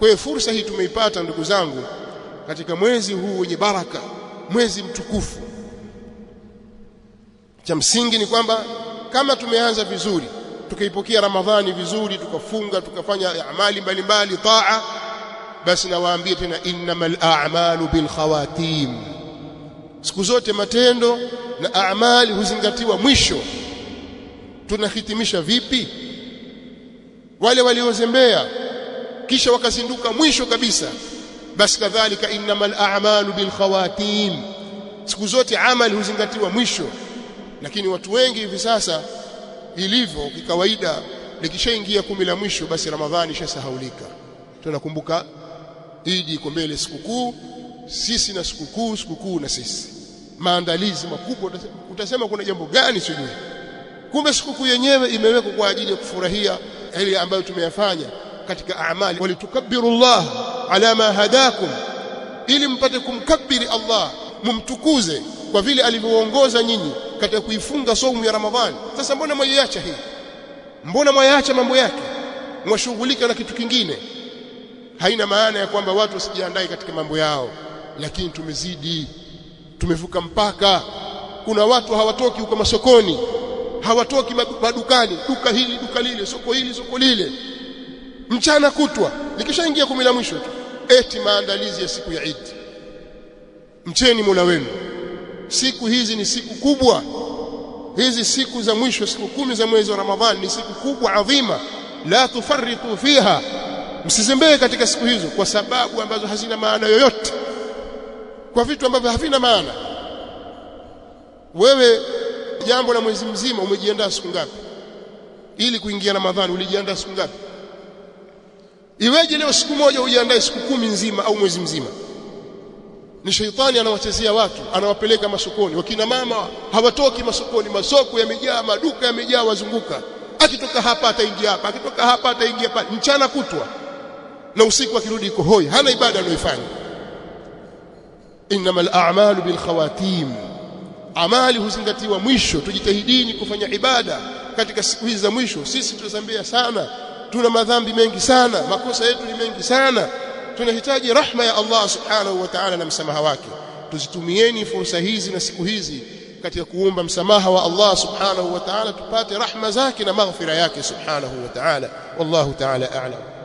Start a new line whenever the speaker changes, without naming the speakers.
Kwa hiyo fursa hii tumeipata ndugu zangu, katika mwezi huu wenye baraka, mwezi mtukufu. Cha msingi ni kwamba kama tumeanza vizuri, tukaipokea Ramadhani vizuri, tukafunga, tukafanya amali mbalimbali taa, basi nawaambia tena, innamal a'malu bil khawatim, siku zote matendo na amali huzingatiwa mwisho. Tunahitimisha vipi? Wale waliozembea kisha wakazinduka mwisho kabisa. Basi kadhalika, innamal a'malu bil khawatim, siku zote amali huzingatiwa mwisho. Lakini watu wengi hivi sasa ilivyo kikawaida, likishaingia kumi la mwisho, basi Ramadhani ishasahaulika. Tunakumbuka Idi iko mbele, sikukuu sisi na sikukuu, sikukuu na sisi, maandalizi makubwa. Utasema kuna jambo gani sijui, kumbe sikukuu yenyewe imewekwa kwa ajili ya kufurahia yale ambayo tumeyafanya katika amali, walitukabiru llah ala ma hadakum, ili mpate kumkabiri Allah, mumtukuze kwa vile alivyoongoza nyinyi katika kuifunga saumu ya Ramadhani. Sasa mbona mwaiacha hii? Mbona mwaiacha mambo yake, mwashughulika na kitu kingine? Haina maana ya kwamba watu wasijiandae katika mambo yao, lakini tumezidi, tumevuka mpaka. Kuna watu hawatoki huko masokoni, hawatoki madukani, duka hili duka lile, soko hili soko lile mchana kutwa likishaingia kumi la mwisho tu eti maandalizi ya siku ya Eid mcheni Mola wenu siku hizi ni siku kubwa hizi siku za mwisho siku kumi za mwezi wa Ramadhani ni siku kubwa adhima la tufarritu fiha msizembee katika siku hizo kwa sababu ambazo hazina maana yoyote kwa vitu ambavyo havina maana wewe jambo la mwezi mzima umejiandaa siku ngapi ili kuingia Ramadhani ulijiandaa siku ngapi iweje leo siku moja ujiandae siku kumi nzima au mwezi mzima ni sheitani anawachezea watu anawapeleka masokoni wakina mama hawatoki masokoni masoko yamejaa maduka yamejaa wazunguka akitoka hapa ataingia hapa akitoka hapa ataingia pale mchana kutwa na usiku akirudi iko hoi hana ibada anayoifanya innamal a'malu bil khawatim amali huzingatiwa mwisho tujitahidini kufanya ibada katika siku hizi za mwisho sisi tunazambia sana tuna madhambi mengi sana makosa yetu ni mengi sana tunahitaji rahma ya Allah subhanahu wa ta'ala na msamaha wake tuzitumieni fursa hizi na siku hizi katika kuomba msamaha wa Allah subhanahu wa ta'ala tupate rahma zake na maghfira yake subhanahu wa ta'ala wallahu ta'ala a'lam